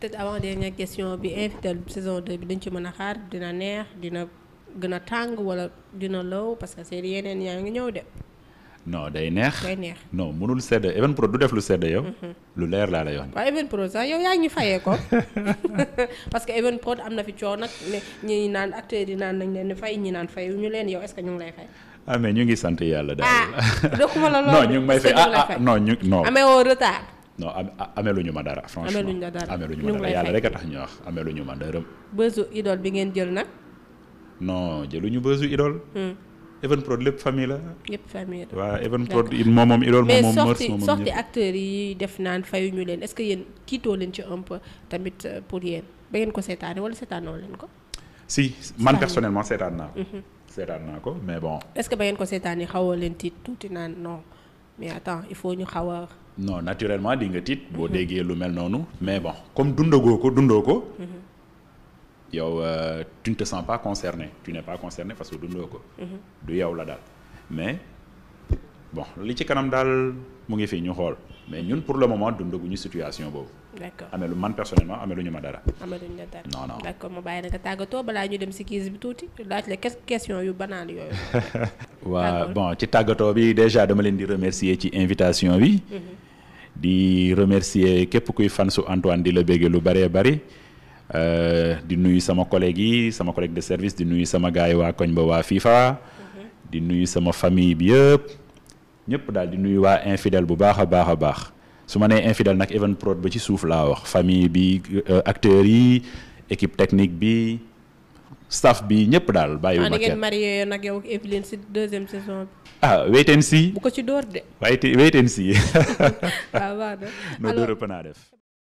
peut-être avant dernière question bi invité saison 2 bi dañ ci mën a xaar dina neex dina gën a tàng wala dina law parce que c'est yeneen yaa ngi ñëw de. no day neex day neex non mënul sedd Evenprod du def lu sedd yow. Mm-hmm. lu leer laa la lay wax. waaw Evenprod sax yow yaa ngi ñu fayee ko parce que Evenprod am na fi coow nag ne ñi naan acteurs yi naan nañ leen fay ñi naan fay ñu leen yow est que ñu ngi lay fay. ah ñu ngi sant yàlla daal. ah dëkkuma ñu may fay ah ah non ñu non. non ameluñu ma dara franchement ameluñu ma dara ameluñu ma dara yàlla rek a tax ñu wax ameluñu ma dërëm bësu idole bi ngeen jël nag non jëluñu bësu idole hmm. Evenprod lépp famille la. lépp famille la waaw Evenprod moom moom Idole moom moom. Mœurs moom mais sorti sorti yi def naan fayuñu leen est-ce que leen ci un tamit euh, pour yéen ba ngeen ko seetaane wala seetaanoo leen ko. si man personnellement seetaan naa ko. Mhm. seetaan naa ko mais bon. est ba ngeen ko seetaanee mais attends il faut ñu xaw a. non naturellement di nga tiit boo mhm. déggee lu mel noonu mais bon comme dundagoo ko dundoo ko. Mhm. yow euh, tu ne te sens pas concerné tu n'es pas concerné parce que dundoo ko. Mhm. du yow la daal mais bon li ci kanam daal mu ngi fi ñu xool. mais ñun pour le moment dundaguñu situation boobu. d'accord amee lu man personnellement amee lu ñu ma dara. amee lu ñu la dara non dem si kiis bi tuuti laaj la question yu banal yooyu. waa bon ci tàggatoo bi déjà dama leen di remercier ci invitation bi. Mhm. di remercier képp kuy fan su Antoine di la béggee lu bëree bëri. Euh, di nuyu sama collègue yi sama collègue de service di nuyu sama gars yi waa koñ ba waa FIFA. Mhm. di nuyu sama famille bi yëpp. ñëpp daal di nuyu waa infidèle bu baax a baax a baax su ma nee infidèle nag even prod ba ci suuf laa wax famille bi euh, acteur yi équipe technique bi staff bi ñëpp daal bàyyiwuma kenn. ngeen marié nag yow ak si deuxième saison bi. ah wait and bu ko ci door de. waaye wait and see. Ah, waaw waaw de. alors def.